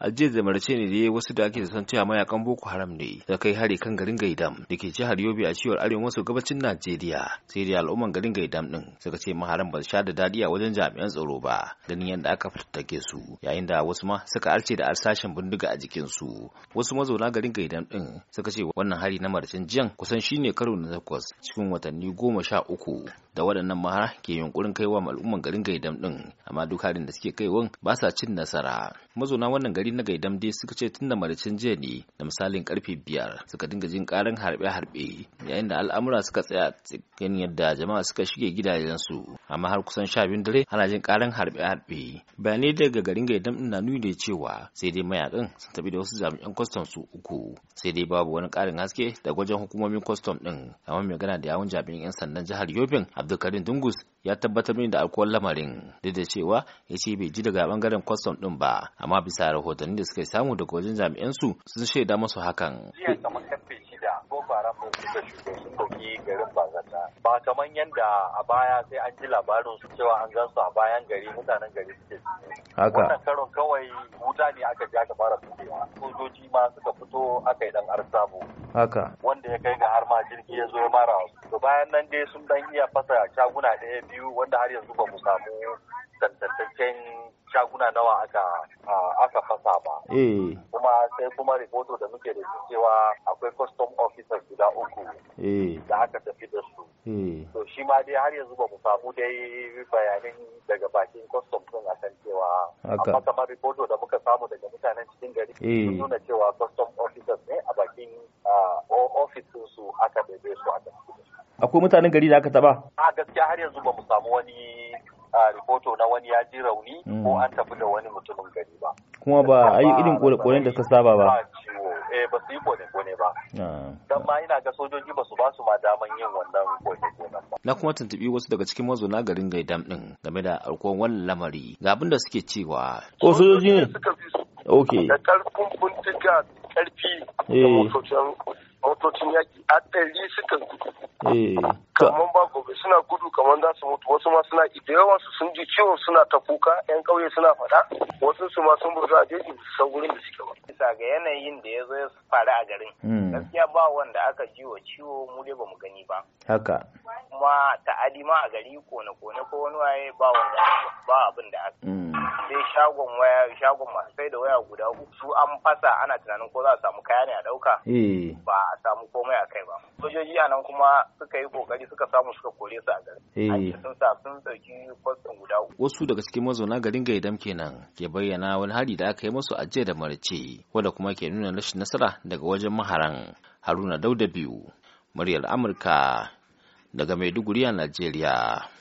a jiya da marace ne da ya wasu da ake san cewa mayakan boko haram ne da kai hari kan garin gaidam da ke jihar yobe a cewar arewa maso gabacin najeriya sai da al'umman garin gaidam din suka ce maharam ba sha da dadi a wajen jami'an tsaro ba ganin yadda aka fitattake su yayin da wasu ma suka arce da arsashin bindiga a jikin su wasu mazauna garin gaidam din suka ce wannan hari na maracin jiyan kusan shine karo na takwas cikin watanni goma sha uku da waɗannan mahara ke yunkurin kaiwa al'umman garin gaidam ɗin amma duk harin da suke kaiwon ba sa cin nasara mazauna wannan gari na gaidam dai suka ce tun da maricin jiya ne da misalin karfe biyar suka dinga jin karin harbe-harbe yayin da al'amura suka tsaya cikin yadda jama'a suka shige gidajensu amma har kusan sha biyun dare ana jin karin harbe-harbe bayanai daga garin gaidam ɗin na nuni da cewa sai dai mayakan sun tafi da wasu jami'an kwastam su uku sai dai babu wani karin haske daga wajen hukumomin kwastam ɗin amma mai gana da yawun jami'an 'yan sandan jihar yobin abdulkarim dungus ya tabbatar mini da alkuwar lamarin duk da cewa ya ce bai ji daga bangaren kwastam din ba amma bisa rahotanni da suka samu daga wajen jami'an su sun shaida masu hakan. fara haram suka shigo sun ɗauki garin bazata ba kamar yadda a baya sai an ji labarin su cewa an gan su a bayan gari mutanen gari suke haka wannan karon kawai wuta ne aka ji aka fara buɗewa sojoji ma suka fito aka yi dan arsabu haka wanda ya kai ga har ma jirgi ya zo ya mara to bayan nan dai sun dan iya fasa shaguna ɗaya biyu wanda har yanzu ba mu samu tantantaccen shaguna nawa aka aka fasa ba eh. kuma sai kuma ripoto da muke da su cewa akwai custom officers guda uku eh. da aka tafi da su eh. to shi ma dai har yanzu ba mu samu dai bayanin daga bakin custom din a kan cewa amma kamar ripoto da muka samu daga mutanen cikin gari eh. sun nuna cewa custom officers ne a bakin ofisin su aka bebe su a akwai mutanen gari da aka taba a gaskiya har yanzu ba mu samu wani ripoto na wani ya ji rauni ko mm. an tafi da wani mutumin gari ba kuma ba a yi irin kone-konen da suka saba ba eh ba su yi kone-kone ba ah. Don ma ina ga sojoji ba su ba su ma daman yin wannan kone kone ba na kuma tuntuɓi wasu daga cikin mazauna garin gaidam ɗin game da alkuwan wannan lamari ga abin da suke cewa ko sojoji ne Ok. da karfin bindiga karfi da eh. motocin yaki a ɗari suka eh. kamar suna gudu kamar za su mutu wasu ma suna da yawan su sun ji ciwon suna ta kuka yan kauye suna faɗa wasu su ma sun burza su san gurin da suke ba. bisa ga yanayin da ya zo ya faru a garin hmm. gaskiya ba wanda aka ji wa ciwo mu dai bamu gani ba haka kuma ta'adi ma a gari kone kone ko wani waye ba wanda ba abin da aka hmm. sai shagon waya shagon masu sai da waya guda uku su an fasa ana tunanin ko za a samu kaya ne a ɗauka eh. ba a samu komai a kai ba sojoji a nan kuma suka yi kokari suka samu suka kore su a garin eh. sun sa sun dauki kwastan guda uku. wasu daga cikin mazauna garin gaidam kenan ke bayyana wani hari da aka yi musu jiya da marce wanda kuma ke nuna rashin nasara daga wajen maharan haruna dauda biyu muryar amurka daga maiduguri a najeriya